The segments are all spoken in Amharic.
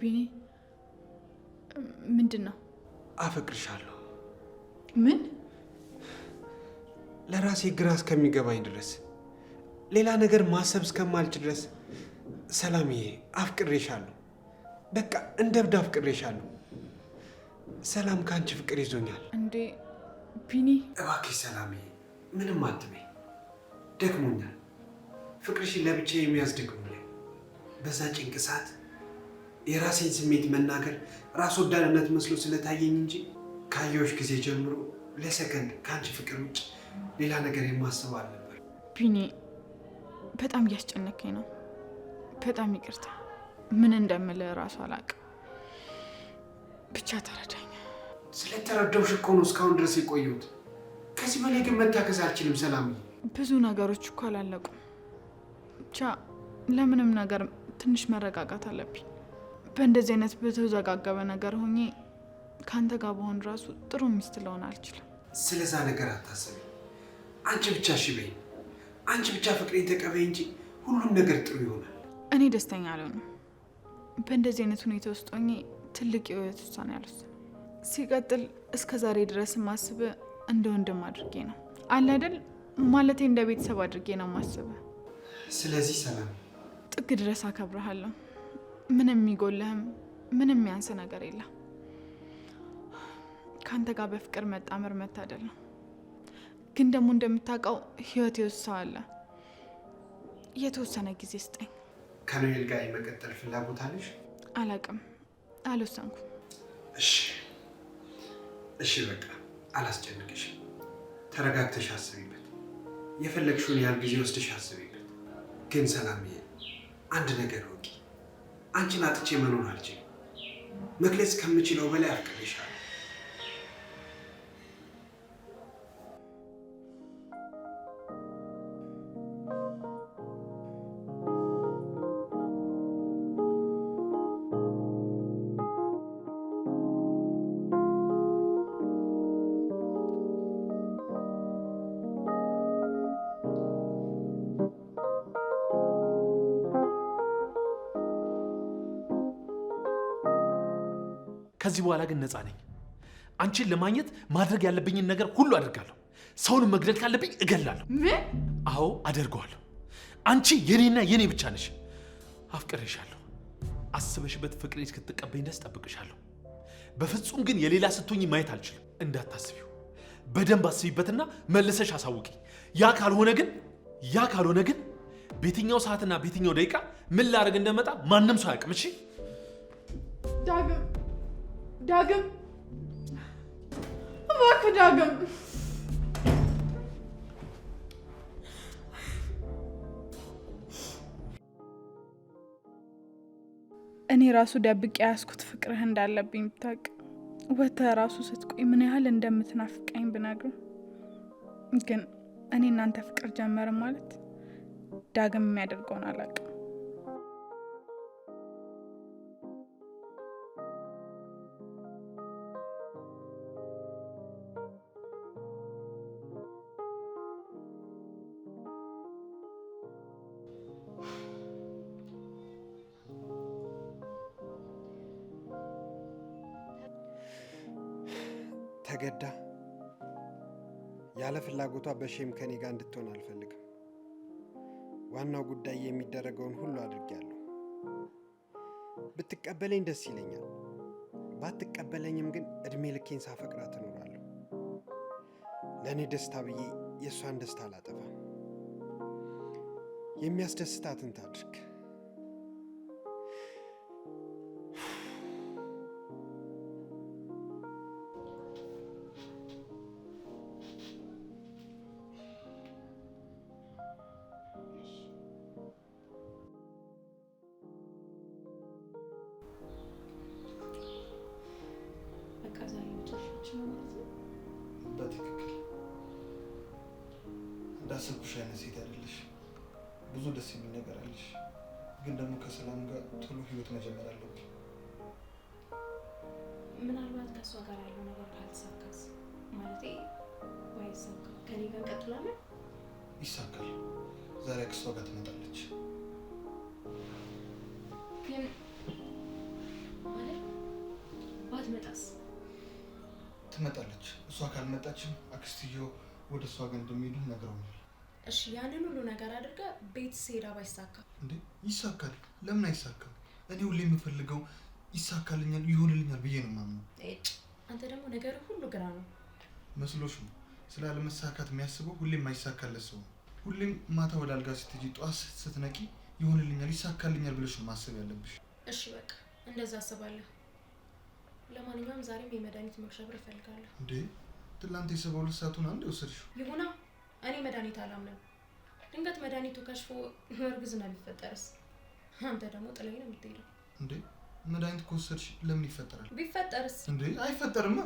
ቢኒ ምንድን ነው? አፈቅርሻለሁ። ምን? ለራሴ ግራ እስከሚገባኝ ድረስ ሌላ ነገር ማሰብ እስከማልች ድረስ ሰላምዬ፣ አፍቅሬሻለሁ። በቃ እንደ እብድ አፍቅሬሻለሁ። ሰላም፣ ከአንቺ ፍቅር ይዞኛል። እንዴ ቢኒ፣ እባክሽ ሰላምዬ፣ ምንም አትበይ። ደክሞኛል። ፍቅርሽ ለብቻ የሚያስደግሙ በዛ ጭንቅ ሰዓት የራሴን ስሜት መናገር ራስ ወዳድነት መስሎ ስለታየኝ እንጂ ካየሁሽ ጊዜ ጀምሮ ለሰከንድ ከአንቺ ፍቅር ውጭ ሌላ ነገር የማስበው አልነበር። ቢኒ፣ በጣም እያስጨነከኝ ነው። በጣም ይቅርታ። ምን እንደምል ራሱ አላውቅም። ብቻ ተረዳኝ። ስለተረዳሁሽ እኮ ነው እስካሁን ድረስ የቆየሁት። ከዚህ በላይ ግን መታከስ አልችልም ሰላም ብዙ ነገሮች እኮ አላለቁም። ብቻ ለምንም ነገር ትንሽ መረጋጋት አለብኝ። በእንደዚህ አይነት በተዘጋገበ ነገር ሆኜ ከአንተ ጋር በሆን ራሱ ጥሩ ሚስት ልሆን አልችልም። ስለዛ ነገር አታስቢ። አንቺ ብቻ እሺ በይኝ፣ አንቺ ብቻ ፍቅሬን ተቀበይ እንጂ ሁሉም ነገር ጥሩ ይሆናል። እኔ ደስተኛ አልሆንም። በእንደዚህ አይነት ሁኔታ ውስጥ ሆኜ ትልቅ የህይወት ውሳኔ ያሉት። ሲቀጥል እስከ ዛሬ ድረስ ማስበ እንደ ወንድም አድርጌ ነው አለ አይደል? ማለቴ እንደ ቤተሰብ አድርጌ ነው ማስበ ስለዚህ ሰላም ጥግ ድረስ አከብረሃለሁ። ምንም የሚጎልህም ምንም የሚያንስ ነገር የለም። ከአንተ ጋር በፍቅር መጣመር መታደል ነው። ግን ደግሞ እንደምታውቀው ህይወት ይወስነዋል። የተወሰነ ጊዜ ስጠኝ። ከኖኤል ጋር የመቀጠል ፍላጎት አለሽ? አላቅም፣ አልወሰንኩም። እሺ፣ እሺ፣ በቃ አላስጨንቅሽ። ተረጋግተሽ አስቢበት። የፈለግሽውን ያህል ጊዜ ወስደሽ አስቢበት። ግን ሰላምዬ፣ አንድ ነገር ወቂ። አንቺን አጥቼ መኖር አልችልም። መግለጽ ከምችለው በላይ አፍቅሬሻለሁ። ከዚህ በኋላ ግን ነፃ ነኝ። አንቺን ለማግኘት ማድረግ ያለብኝን ነገር ሁሉ አደርጋለሁ። ሰውን መግደል ካለብኝ እገላለሁ። ምን? አዎ አደርገዋለሁ። አንቺ የኔና የኔ ብቻ ነሽ። አፍቅሬሻለሁ። አስበሽበት ፍቅሬ እስክትቀበኝ ደስ ጠብቅሻለሁ። በፍጹም ግን የሌላ ስትሆኝ ማየት አልችልም። እንዳታስቢው፣ በደንብ አስቢበትና መልሰሽ አሳውቂ። ያ ካልሆነ ግን ያ ካልሆነ ግን በየትኛው ሰዓትና በየትኛው ደቂቃ ምን ላደርግ እንደመጣ ማንም ሰው አያውቅም። እሺ ዳግም ዳግም እባክህ ዳግም እኔ ራሱ ደብቄ ያስኩት ፍቅርህ እንዳለብኝ ብታውቅ ወጥተህ ራሱ ስትቆይ ምን ያህል እንደምትናፍቀኝ ብነግርህ ግን እኔ እናንተ ፍቅር ጀመርን ማለት ዳግም የሚያደርገውን አላውቅም ተገዳ ያለ ፍላጎቷ በሼም ከኔ ጋር እንድትሆን አልፈልግም። ዋናው ጉዳይ የሚደረገውን ሁሉ አድርጌያለሁ። ብትቀበለኝ ደስ ይለኛል። ባትቀበለኝም ግን እድሜ ልኬን ሳፈቅራት እኖራለሁ። ለእኔ ደስታ ብዬ የእሷን ደስታ አላጠፋም። የሚያስደስታትን ታድርግ። እንዳሰብኩሽ አይነት ሴት አይደለሽ። ብዙ ደስ የሚል ነገር አለሽ፣ ግን ደግሞ ከሰላም ጋር ቶሎ ህይወት መጀመር አለብኝ። ምናልባት ከእሷ ጋር ያለው ነገር ካልተሳካስ? ማለቴ ባይሳካ ከኔ ጋር እንቀጥላለን። ይሳካል። ዛሬ ከእሷ ጋር ትመጣለች። ግን ማለት ባትመጣስ? ትመጣለች። እሷ ካልመጣችም አክስትዮ ወደ እሷ ጋር እንደሚሄዱ ነግረውኛል። እሺ ያንን ሁሉ ነገር አድርገ ቤት ሴዳ ባይሳካ እንዴ? ይሳካል። ለምን አይሳካል? እኔ ሁሌ የምፈልገው ይሳካልኛል፣ ይሆንልኛል ብዬ ነው ማምነው። አንተ ደግሞ ነገር ሁሉ ግራ ነው መስሎሽ ነው ስላለመሳካት የሚያስበው ሁሌም አይሳካለት ሰው ነው። ሁሌም ማታ ወደ አልጋ ስትሄጂ፣ ጠዋት ስትነቂ ይሆንልኛል፣ ይሳካልኛል ብለሽ ነው ማሰብ ያለብሽ። እሺ በቃ እንደዛ አስባለሁ። ለማንኛውም ዛሬም የመድኃኒት መግዣ ብር እፈልጋለሁ። እንዴ ትላንት የሰባ ሁለት ሰዓቱን አንድ የወሰድሽው ይሁና እኔ መድኃኒት አላምንም። ድንገት መድኃኒቱ ከሽፎ እርግዝና ቢፈጠርስ? አንተ ደግሞ ጥለኝ ነው የምትሄደው እንዴ? መድኃኒት ከወሰድሽ ለምን ይፈጠራል? ቢፈጠርስ? እንዴ አይፈጠርማ።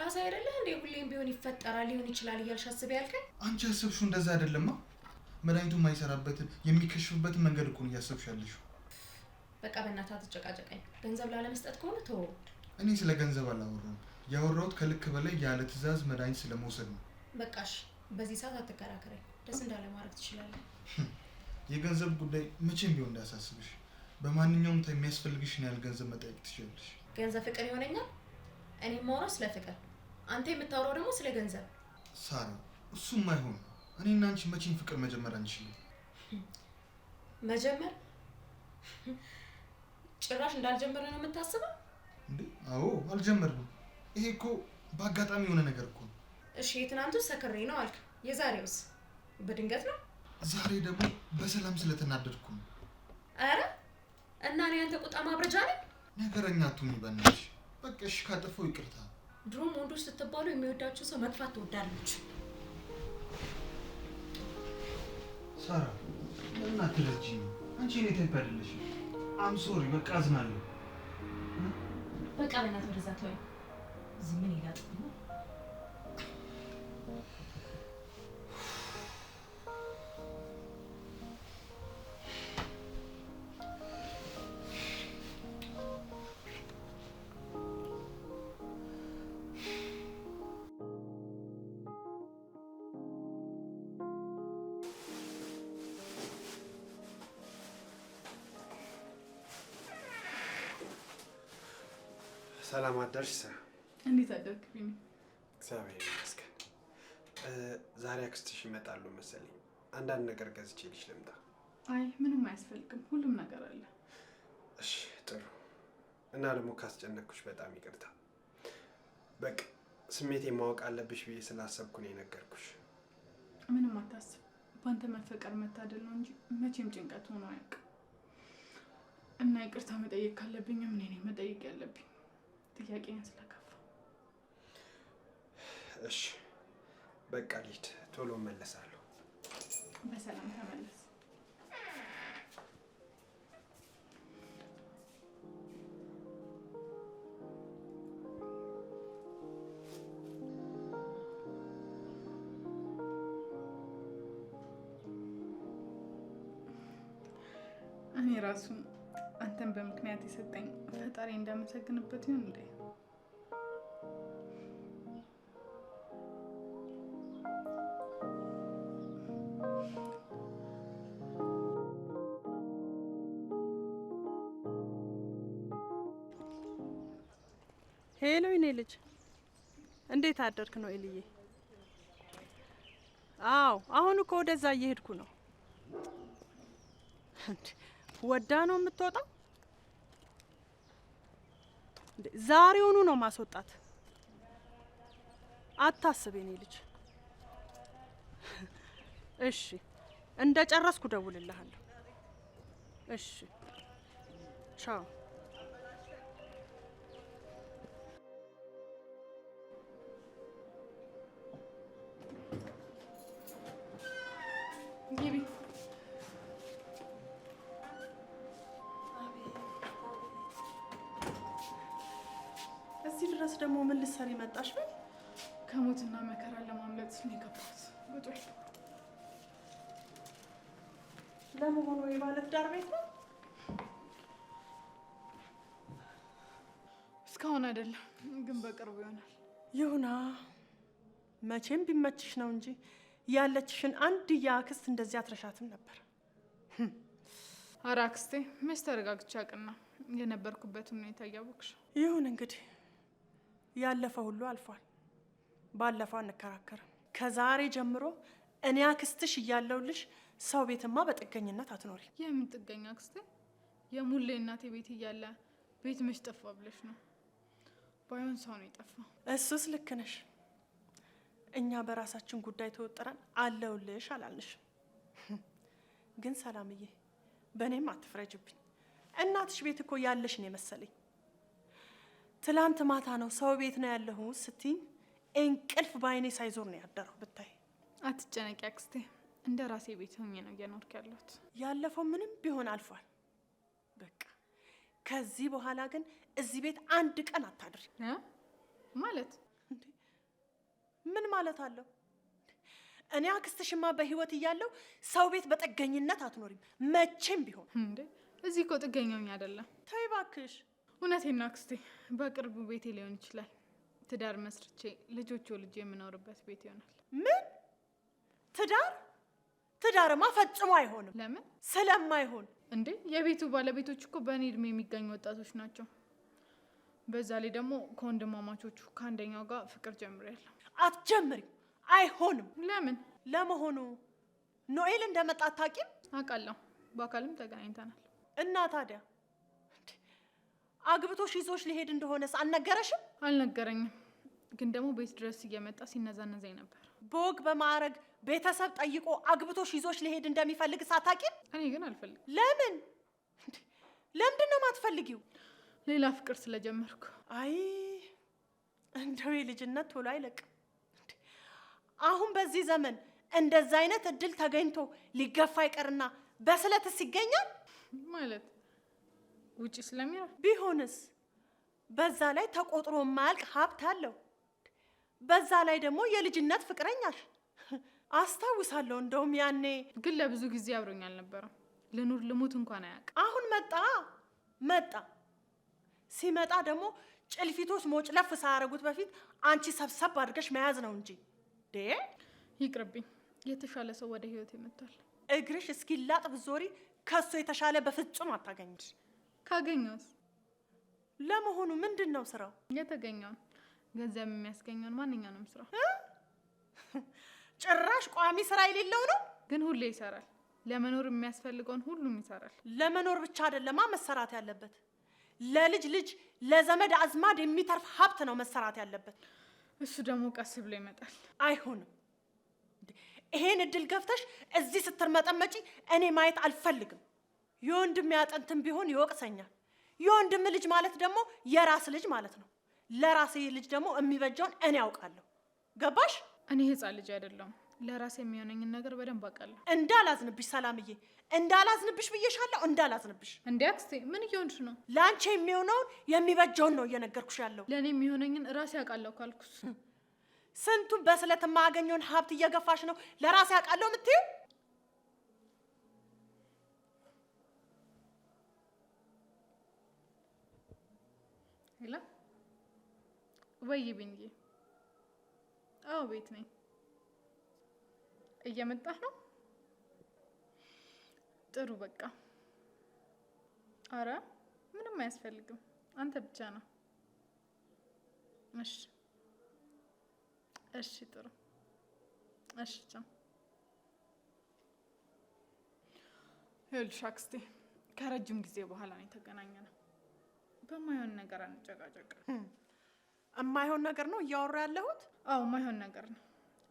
ራስ አይደለህ እንዴ? ሁሌም ቢሆን ይፈጠራል ሊሆን ይችላል እያልሽ አስቤ ያልከኝ አንቺ ያሰብሽው እንደዛ አይደለማ። መድኃኒቱ የማይሰራበትን የሚከሽፍበትን መንገድ እኮ ነው እያሰብሽ ያለሽው። በቃ በእናትህ አትጨቃጨቀኝ። ገንዘብ ላለመስጠት ከሆነ ተወው። እኔ ስለ ገንዘብ አላወራሁም። ያወራሁት ከልክ በላይ ያለ ትዕዛዝ መድኃኒት ስለመውሰድ ነው። በቃሽ በዚህ ሰዓት አትከራከረኝ። ደስ እንዳለ ማድረግ ትችላለህ። የገንዘብ ጉዳይ መቼም ቢሆን እንዳያሳስብሽ። በማንኛውም ታ የሚያስፈልግሽን ያህል ገንዘብ መጠየቅ ትችላለሽ። ገንዘብ ፍቅር ይሆነኛል። እኔ የማወራው ስለ ፍቅር፣ አንተ የምታወራው ደግሞ ስለ ገንዘብ። ሳራ፣ እሱም አይሆን። እኔና አንቺ መቼም ፍቅር መጀመር አንችልም። መጀመር ጭራሽ እንዳልጀመረ ነው የምታስበው እንዴ? አዎ፣ አልጀመርንም። ይሄ እኮ በአጋጣሚ የሆነ ነገር እኮ ነው እሺ የትናንቱ ሰክሬ ነው አልክ። የዛሬውስ በድንገት ነው። ዛሬ ደግሞ በሰላም ስለተናደድኩ ነው። አረ እና እኔ ያንተ ቁጣ ማብረጃ ነኝ። ነገረኛ አትሁኝ በእናትሽ። በቃ እሺ ካጠፋው ይቅርታ። ድሮም ወንዶች ስትባሉ የሚወዳችሁ ሰው መጥፋት ትወዳለች። ሳራ እና አትረጅኝ? አንቺ እኔ ታይፕ አይደለሽ። አም ሶሪ በቃ አዝናለሁ። በቃ በእናትህ ወደዛ ተወኝ። እዚህ ምን ይላጥ ሰላም ሰ እንዴት አደርክ? እግዚአብሔር ይመስገን። ዛሬ አክስትሽ ይመጣሉ መሰለኝ። አንዳንድ ነገር ገዝቼ ልሽ ልምጣ። አይ ምንም አያስፈልግም፣ ሁሉም ነገር አለ። እሺ ጥሩ። እና ደግሞ ካስጨነቅኩሽ በጣም ይቅርታ። በቃ ስሜቴ ማወቅ አለብሽ ብዬ ስላሰብኩ ነው የነገርኩሽ። ምንም አታስብ። በአንተ መፈቀር መታደል ነው እንጂ መቼም ጭንቀት ሆኖ አያውቅም። እና ይቅርታ መጠየቅ ካለብኝም እኔ ነኝ መጠየቅ ያለብኝ። ጥያቄን ስለከፋ እሺ፣ በቃ ልሂድ፣ ቶሎ መለሳለሁ በሰላም ተመለስ። እኔ ራሱ አንተን በምክንያት የሰጠኝ ፈጣሪ እንዳመሰግንበት ይሁን እንዴ እየታደርክ ነው ኤልዬ? አዎ አሁን እኮ ወደዛ እየሄድኩ ነው። ወዳ ነው የምትወጣው? ዛሬውኑ ነው ማስወጣት። አታስብ የኔ ልጅ። እሺ እንደ ጨረስኩ ደውልልሃለሁ። እሺ ቻው። ሞትና መከራ ለማምለጥ ነው የገባሁት። ውጡኝ! ለመሆኑ የባለ ዳር ቤት ነው? እስካሁን አይደለም፣ ግን በቅርቡ ይሆናል። ይሁና፣ መቼም ቢመችሽ ነው እንጂ ያለችሽን አንድያ አክስት እንደዚህ አትረሻትም ነበር። ኧረ አክስቴ፣ መች ተረጋግቼ አቅና የነበርኩበትን ሁኔታ እያወቅሽ። ይሁን እንግዲህ፣ ያለፈ ሁሉ አልፏል። ባለፈው አንከራከርም። ከዛሬ ጀምሮ እኔ አክስትሽ እያለሁልሽ ሰው ቤትማ በጥገኝነት አትኖሪ። የምን ጥገኝ አክስቴ? የሙሌ እናቴ ቤት እያለ ቤት መች ጠፋ ብለሽ ነው? ባይሆን ሰው ነው የጠፋ። እሱስ ልክ ነሽ። እኛ በራሳችን ጉዳይ ተወጥረን አለሁልሽ አላልንሽ። ግን ሰላምዬ፣ በእኔም አትፍረጅብኝ። እናትሽ ቤት እኮ ያለሽ ነው የመሰለኝ። ትላንት ማታ ነው ሰው ቤት ነው ያለሁ ስትኝ እንቅልፍ በአይኔ ሳይዞር ነው ያደረው ብታይ። አትጨነቂ አክስቴ፣ እንደ ራሴ ቤት ሆኜ ነው እየኖርክ ያለሁት። ያለፈው ምንም ቢሆን አልፏል፣ በቃ ከዚህ በኋላ ግን እዚህ ቤት አንድ ቀን አታድሪ። ማለት ምን ማለት አለው? እኔ አክስትሽማ በህይወት እያለው ሰው ቤት በጥገኝነት አትኖሪም መቼም ቢሆን። እንዴ እዚህ እኮ ጥገኛውኝ አይደለም። ተይ እባክሽ። እውነቴን ነው አክስቴ፣ በቅርቡ ቤቴ ሊሆን ይችላል ትዳር መስርቼ ልጆች ወልጄ የምኖርበት ቤት ይሆናል። ምን ትዳር? ትዳርማ ፈጽሞ አይሆንም። ለምን? ስለማይሆን። እንዴ የቤቱ ባለቤቶች እኮ በእኔ እድሜ የሚገኙ ወጣቶች ናቸው። በዛ ላይ ደግሞ ከወንድማማቾቹ ከአንደኛው ጋር ፍቅር ጀምሬያለሁ። አትጀምሪ፣ አይሆንም። ለምን? ለመሆኑ ኖኤል እንደመጣ አታውቂም? አውቃለሁ። በአካልም ተገናኝተናል። እና ታዲያ አግብቶሽ ይዞሽ ሊሄድ እንደሆነስ አልነገረሽም? አልነገረኝም፣ ግን ደግሞ ቤት ድረስ እየመጣ ሲነዛነዘኝ ነበር። በወግ በማዕረግ ቤተሰብ ጠይቆ አግብቶሽ ይዞሽ ሊሄድ እንደሚፈልግ ሳታቂም። እኔ ግን አልፈልግም። ለምን? ለምንድን ነው ማትፈልጊው? ሌላ ፍቅር ስለጀመርኩ። አይ እንደው የልጅነት ቶሎ አይለቅም። አሁን በዚህ ዘመን እንደዛ አይነት እድል ተገኝቶ ሊገፋ ይቀርና በስለትስ ይገኛል ማለት ውጪ ስለሚያ ቢሆንስ በዛ ላይ ተቆጥሮ የማያልቅ ሀብት አለው። በዛ ላይ ደግሞ የልጅነት ፍቅረኛሽ አስታውሳለሁ። እንደውም ያኔ ግን ለብዙ ጊዜ አብሮኝ አልነበረም። ልኑር ልሙት እንኳን አያውቅ። አሁን መጣ መጣ። ሲመጣ ደግሞ ጭልፊቶች ሞጭለፍ ሳያደርጉት በፊት አንቺ ሰብሰብ አድርገሽ መያዝ ነው እንጂ ዴ ይቅርብኝ። የተሻለ ሰው ወደ ህይወት ይመጣል። እግርሽ እስኪላጥፍ ዞሪ ከሱ የተሻለ በፍጹም አታገኝሽ። ካገኘውስ ለመሆኑ ምንድን ነው ስራው? የተገኘውን ገንዘብ የሚያስገኘውን ማንኛውንም ስራ። ጭራሽ ቋሚ ስራ የሌለው ነው። ግን ሁሌ ይሰራል። ለመኖር የሚያስፈልገውን ሁሉም ይሰራል። ለመኖር ብቻ አይደለማ መሰራት ያለበት፣ ለልጅ ልጅ ለዘመድ አዝማድ የሚተርፍ ሀብት ነው መሰራት ያለበት። እሱ ደግሞ ቀስ ብሎ ይመጣል። አይሆንም። ይሄን እድል ገፍተሽ እዚህ ስትርመጠመጪ እኔ ማየት አልፈልግም። የወንድሜ አጥንትም ቢሆን ይወቅሰኛል። የወንድም ልጅ ማለት ደግሞ የራስ ልጅ ማለት ነው። ለራሴ ልጅ ደግሞ የሚበጃውን እኔ ያውቃለሁ። ገባሽ? እኔ ህፃን ልጅ አይደለም። ለራሴ የሚሆነኝን ነገር በደንብ አውቃለሁ። እንዳላዝንብሽ ሰላምዬ፣ እንዳላዝንብሽ ብዬሻለሁ። እንዳላዝንብሽ። እንዴ አክስቴ፣ ምን እየሆንሽ ነው? ለአንቺ የሚሆነውን የሚበጃውን ነው እየነገርኩሽ ያለው። ለእኔ የሚሆነኝን ራሴ አውቃለሁ ካልኩስ ስንቱን በስለት የማገኘውን ሀብት እየገፋሽ ነው ለራሴ አውቃለሁ የምትይው የለም ወይ ቢንዬ? አዎ ቤት ነኝ። እየመጣህ ነው? ጥሩ በቃ። አረ ምንም አያስፈልግም፣ አንተ ብቻ ነው። እሺ እሺ፣ ጥሩ እሺ። ቻው። ይኸውልሽ አክስቴ ከረጅም ጊዜ በኋላ ነው የተገናኘ ነው። በማይሆን ነገር አንጨቃጨቅ። የማይሆን ነገር ነው እያወራ ያለሁት? አዎ ማይሆን ነገር ነው።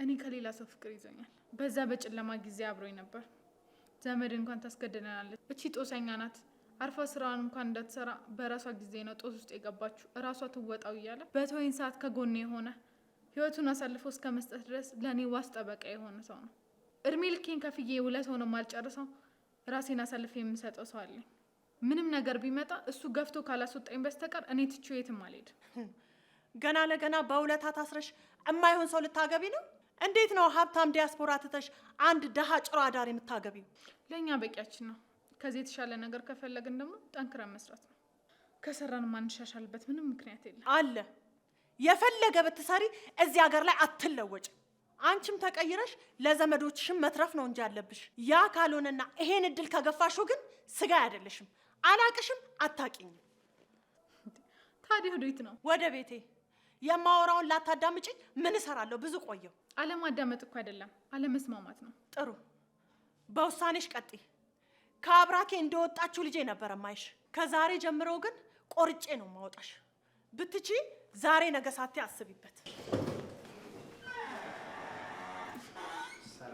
እኔ ከሌላ ሰው ፍቅር ይዞኛል። በዛ በጨለማ ጊዜ አብሮኝ ነበር። ዘመድ እንኳን ታስገድደናለች። እቺ ጦሰኛ ናት። አርፋ ስራዋን እንኳን እንዳትሰራ በራሷ ጊዜ ነው ጦስ ውስጥ የገባችው። እራሷ ትወጣው እያለ በተወይን ሰዓት ከጎን የሆነ ህይወቱን አሳልፎ እስከ መስጠት ድረስ ለእኔ ዋስ ጠበቃ የሆነ ሰው ነው። እድሜ ልኬን ከፍዬ ውለት ሆነ ማልጨርሰው ራሴን አሳልፌ የምሰጠው ሰው አለኝ። ምንም ነገር ቢመጣ እሱ ገፍቶ ካላስወጣኝ በስተቀር እኔ ትቼው የትም አልሄድም። ገና ለገና በውለታ ታስረሽ እማይሆን ሰው ልታገቢ ነው? እንዴት ነው ሀብታም ዲያስፖራ ትተሽ አንድ ደሃ ጭሮ አዳር የምታገቢው? ለእኛ በቂያችን ነው። ከዚህ የተሻለ ነገር ከፈለግን ደግሞ ጠንክረን መስራት ነው። ከሰራን ማንሻሻልበት ምንም ምክንያት የለም። አለ የፈለገ ብትሰሪ እዚህ ሀገር ላይ አትለወጭም። አንቺም ተቀይረሽ ለዘመዶችሽም መትረፍ ነው እንጂ አለብሽ። ያ ካልሆነና ይሄን እድል ከገፋሽው ግን ስጋ አይደለሽም። አላቅሽም፣ አታቂኝም። ታዲያ ወዴት ነው? ወደ ቤቴ። የማወራውን ላታዳምጪኝ ምን እሰራለሁ? ብዙ ቆየው። አለማዳመጥ እኮ አይደለም አለመስማማት ነው። ጥሩ፣ በውሳኔሽ ቀጥይ። ከአብራኬ እንደወጣችሁ ልጄ ነበረ ማይሽ። ከዛሬ ጀምሮ ግን ቆርጬ ነው ማወጣሽ። ብትቺ ዛሬ ነገ ሳቴ አስቢበት።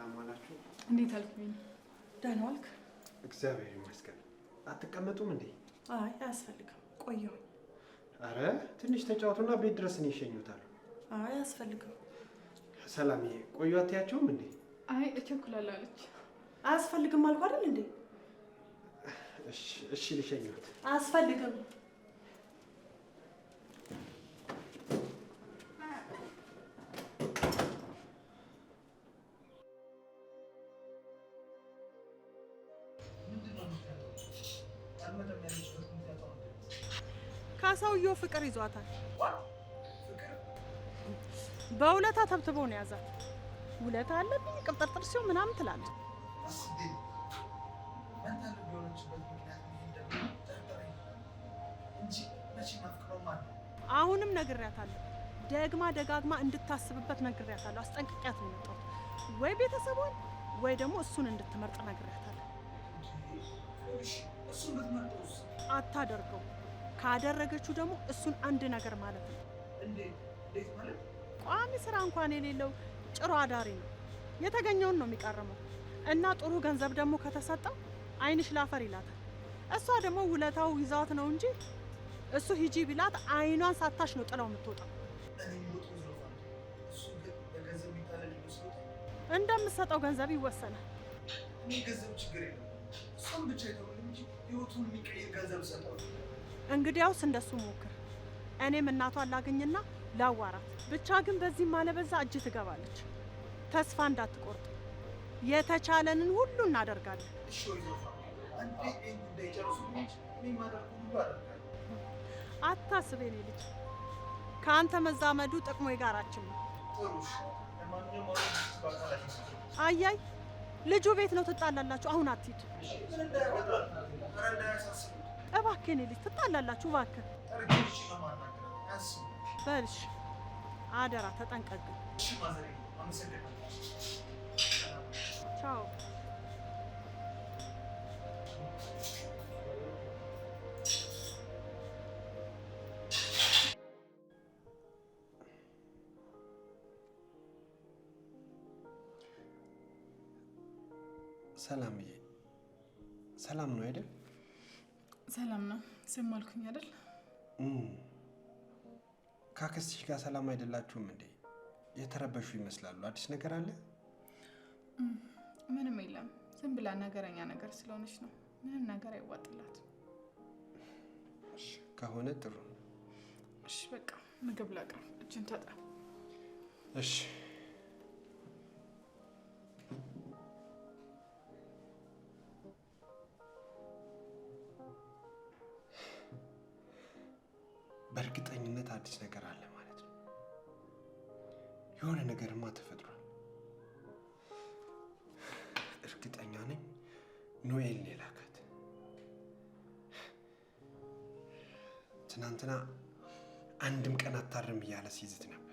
ሰላም ዋላችሁ። እንዴት አልክ? ደህና ዋልክ? እግዚአብሔር ይመስገን። አትቀመጡም እንዴ? አይ አያስፈልግም፣ ቆየሁ። አረ ትንሽ ተጫወቱና ቤት ድረስ ነው ይሸኙታል። አይ አያስፈልግም። ሰላምዬ ቆዩ፣ አትያቸውም እንዴ? አይ እቸኩላለሁ አለች። አያስፈልግም አልኩ እንዴ? እሺ ልሸኘሁት። አያስፈልግም ፍቅር ይዟታል። በውለታ ተብትቦ ነው ያዛት። ውለታ አለብኝ ቅብጥርጥር ሲሆን ምናምን ትላለች። አሁንም ነግሬያታለሁ። ደግማ ደጋግማ እንድታስብበት ነግሬያታለሁ። አስጠንቅቂያት ነው የመጣሁት። ወይ ቤተሰቧን ወይ ደግሞ እሱን እንድትመርጥ ነግሬያታለሁ። አታደርገው ካደረገችው ደግሞ እሱን አንድ ነገር ማለት ነው። ቋሚ ስራ እንኳን የሌለው ጭሮ አዳሪ ነው። የተገኘውን ነው የሚቀርመው እና ጥሩ ገንዘብ ደግሞ ከተሰጠው አይንሽ ላፈር ይላታል። እሷ ደግሞ ውለታው ይዛት ነው እንጂ እሱ ሂጂ ቢላት አይኗን ሳታሽ ነው ጥለው የምትወጣው። እንደምትሰጠው ገንዘብ ይወሰናል። ገንዘብ ችግር የለም። እሷም ብቻ ይተው እንጂ ህይወቱን የሚቀይር ገንዘብ ሰጠው። እንግዲያውስ እንደሱ ሞክር። እኔም እናቷ ላግኝና ላዋራት። ብቻ ግን በዚህም አለበዛ እጅ ትገባለች። ተስፋ እንዳትቆርጥ፣ የተቻለንን ሁሉ እናደርጋለን። አታስብ የኔ ልጅ፣ ከአንተ መዛመዱ ጥቅሞ የጋራችን ነው። አያይ ልጁ ቤት ነው፣ ትጣላላችሁ። አሁን አትሂድ። እባክህን ልጅ ትጣላላችሁ። እባክህ በልሽ፣ አደራ ተጠንቀቅ። ቻው ሰላምዬ። ሰላም ነው አይደል? ሰላም ነው። ዝም አልኩኝ አይደል? ካክስትሽ ጋር ሰላም አይደላችሁም እንዴ? የተረበሹ ይመስላሉ። አዲስ ነገር አለ? ምንም የለም። ዝም ብላ ነገረኛ ነገር ስለሆነች ነው። ምንም ነገር አይዋጥላት ከሆነ ጥሩ እሺ በቃ ምግብ ላቅርብ። እጅን ተጣ እሺ ተፈጥሯል። እርግጠኛ ነኝ ኖኤል የላካት። ትናንትና አንድም ቀን አታርም እያለ ሲዝት ነበር።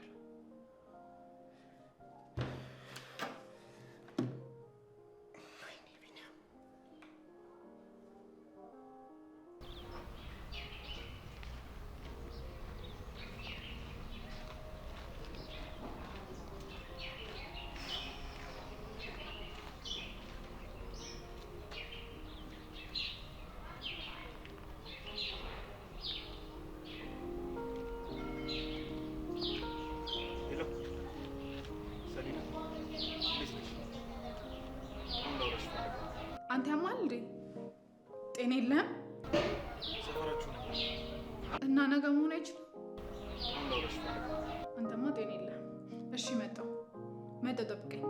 ጤና የለህም እና ነገ መሆን አይችልም። አንተማ ጤና የለህም። እሺ መጣው መጣሁ፣ ጠብቀኝ።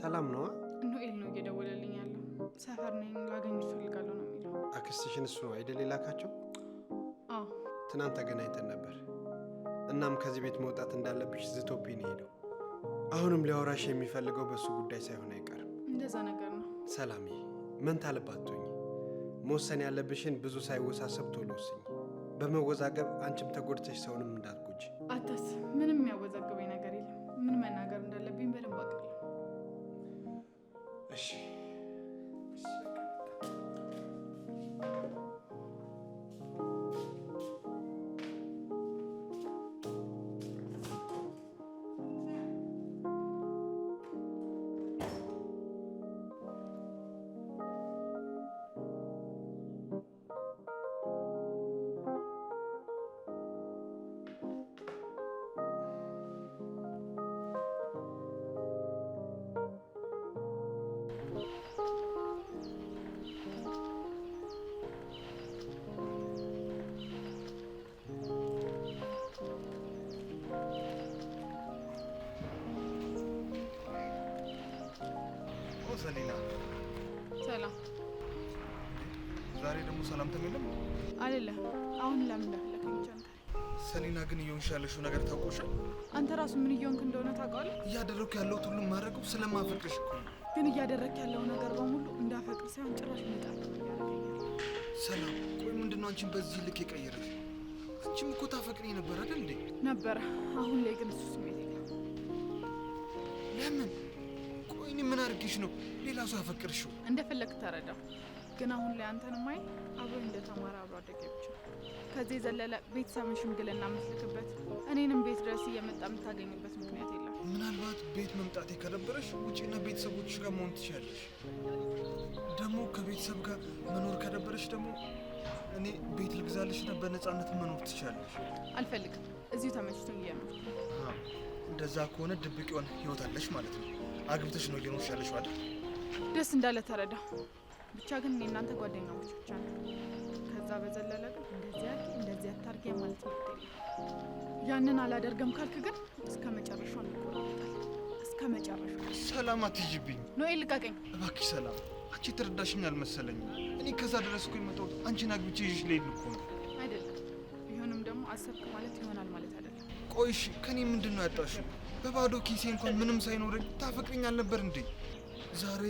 ሰላም ነዋ። ኑኤል ነው እየደወለልኝ ያለው። ሰፈር ነኝ፣ ላገኝሽ እፈልጋለሁ ነው የሚለው። አክስትሽን እሱ አይደል የላካቸው? አዎ፣ ትናንት ተገናኝተን ነበር። እናም ከዚህ ቤት መውጣት እንዳለብሽ ዝቶብኝ ነው አሁንም ሊያወራሽ የሚፈልገው በእሱ ጉዳይ ሳይሆን አይቀርም። እንደዛ ነገር ነው ሰላሜ መንታ ልብ መወሰን ያለብሽን ብዙ ሳይወሳሰብ ቶሎ ወስኝ። በመወዛገብ አንቺም ተጎድተሽ ሰውንም እንዳትጎጂ። አታስ ምንም የሚያወዛግበኝ ነገር የለም። ምን መናገር እንዳለብኝ በደንብ አውቃለሁ። እሺ ሰሊና። ሰላም። ዛሬ ደግሞ ሰላም ተሚልም አይደለም። አሁን ለምን ሰሊና ግን እየሆንሽ ያለሽው ነገር ታውቆሻል? አንተ ራሱ ምን እየሆንክ እንደሆነ ታውቃለህ? እያደረግኩ ያለሁት ሁሉም ማድረግ ስለማፈቅርሽ እኮ ነው። ግን እያደረግክ ያለው ነገር በሙሉ እንዳፈቅር ሳይሆን ጭራሽ መጣል። ሰላም፣ ቆይ ምንድነው አንቺን በዚህ ልክ የቀየረሽ? አንቺም እኮ ታፈቅሪ ነበር አይደል? እንዴ ነበረ። አሁን ላይ ግን እሱ ልጅ ነው ሌላ ሰው አፈቅርሽው። እንደፈለግ ተረዳው። ግን አሁን ላይ አንተን ማይ አብሮ እንደተማረ አብሮ አደገ ብቻ ከዚህ የዘለለ ቤተሰብን ሽምግልና መስልክበት እኔንም ቤት ድረስ እየመጣ የምታገኝበት ምክንያት የለም። ምናልባት ቤት መምጣቴ ከደበረሽ ውጭና ቤተሰቦች ጋር መሆን ትችላለሽ። ደግሞ ከቤተሰብ ጋር መኖር ከደበረሽ ደግሞ እኔ ቤት ልግዛልሽና በነፃነት መኖር ትችላለሽ። አልፈልግም። እዚሁ ተመችቶኝ እየኖር እንደዛ ከሆነ ድብቅ የሆነ ህይወት አለሽ ማለት ነው። አግብተሽ ነው እየኖርሽ ያለሽው አይደል? ደስ እንዳለ ተረዳ። ብቻ ግን እኔ እናንተ ጓደኛሞች ብቻ ነው። ከዛ በዘለለ ግን እንደዚህ ያርጊ እንደዚህ አታርጊ ማለት ነው። ያንን አላደርገም ካልክ ግን እስከ መጨረሻው እንቆራረጣል። እስከ መጨረሻው። ሰላም አትይዥብኝ። ኖኤል ልቀቀኝ እባክሽ። ሰላም አንቺ ትረዳሽኝ አልመሰለኝ። እኔ ከዛ ድረስ እኮ የመጣሁት አንቺን አግብቼ ይዤሽ ልሄድ እኮ ነው። አይደለም። ቢሆንም ደግሞ አሰብክ ማለት ይሆናል ማለት አይደለም። ቆይሽ ከኔ ምንድን ነው ያጣሽው? በባዶ ኪሴ እንኳን ምንም ሳይኖረኝ ታፈቅረኛል አልነበር እንዴ? ዛሬ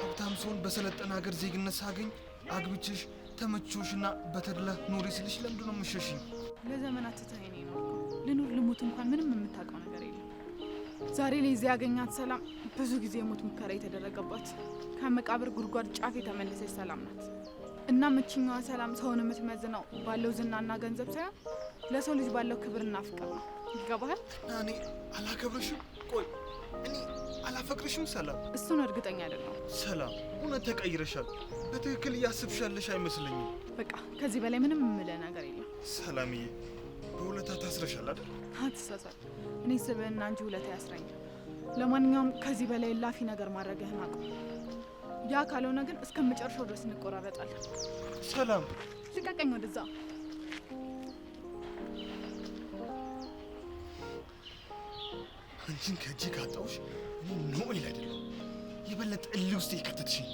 ሀብታም ስሆን በሰለጠነ ሀገር ዜግነት ሳገኝ አግብቼሽ ተመቾሽና በተድላ ኖሪ ስልሽ ለምንድን ነው የምሸሽኝ? ለዘመናት ትተኸኝ ነው የኖርከው። ልኑር ልሙት እንኳን ምንም የምታውቀው ነገር የለም። ዛሬ ላይ እዚህ ያገኛት ሰላም ብዙ ጊዜ የሞት ሙከራ የተደረገባት ከመቃብር ጉድጓድ ጫፍ የተመለሰች ሰላም ናት። እና ምችኛዋ ሰላም ሰውን የምትመዝነው ባለው ዝናና ገንዘብ ሳይሆን ለሰው ልጅ ባለው ክብርና ፍቅር ነው። ይገባሃል። እኔ አላከብርሽም። ቆይ እኔ አላፈቅርሽም። ሰላም፣ እሱን እርግጠኛ አይደለሁም። ሰላም፣ እውነት ተቀይረሻል። በትክክል እያስብሻለሽ አይመስለኝም። በቃ ከዚህ በላይ ምንም የምልህ ነገር የለም። ሰላምዬ፣ በሁለታ ታስረሻል አይደል? አትሳሳት። እኔ ስብህና እንጂ ሁለታ ያስረኛል። ለማንኛውም ከዚህ በላይ ላፊ ነገር ማድረግህን አቁም። ያ ካልሆነ ግን እስከ መጨረሻው ድረስ እንቆራረጣለን። ሰላም፣ ልቀቀኝ ወደዛ አንቺን ከእጅ ካጣውሽ ኖ ይል አይደለም የበለጠ እልህ ውስጥ የከተትሽኝ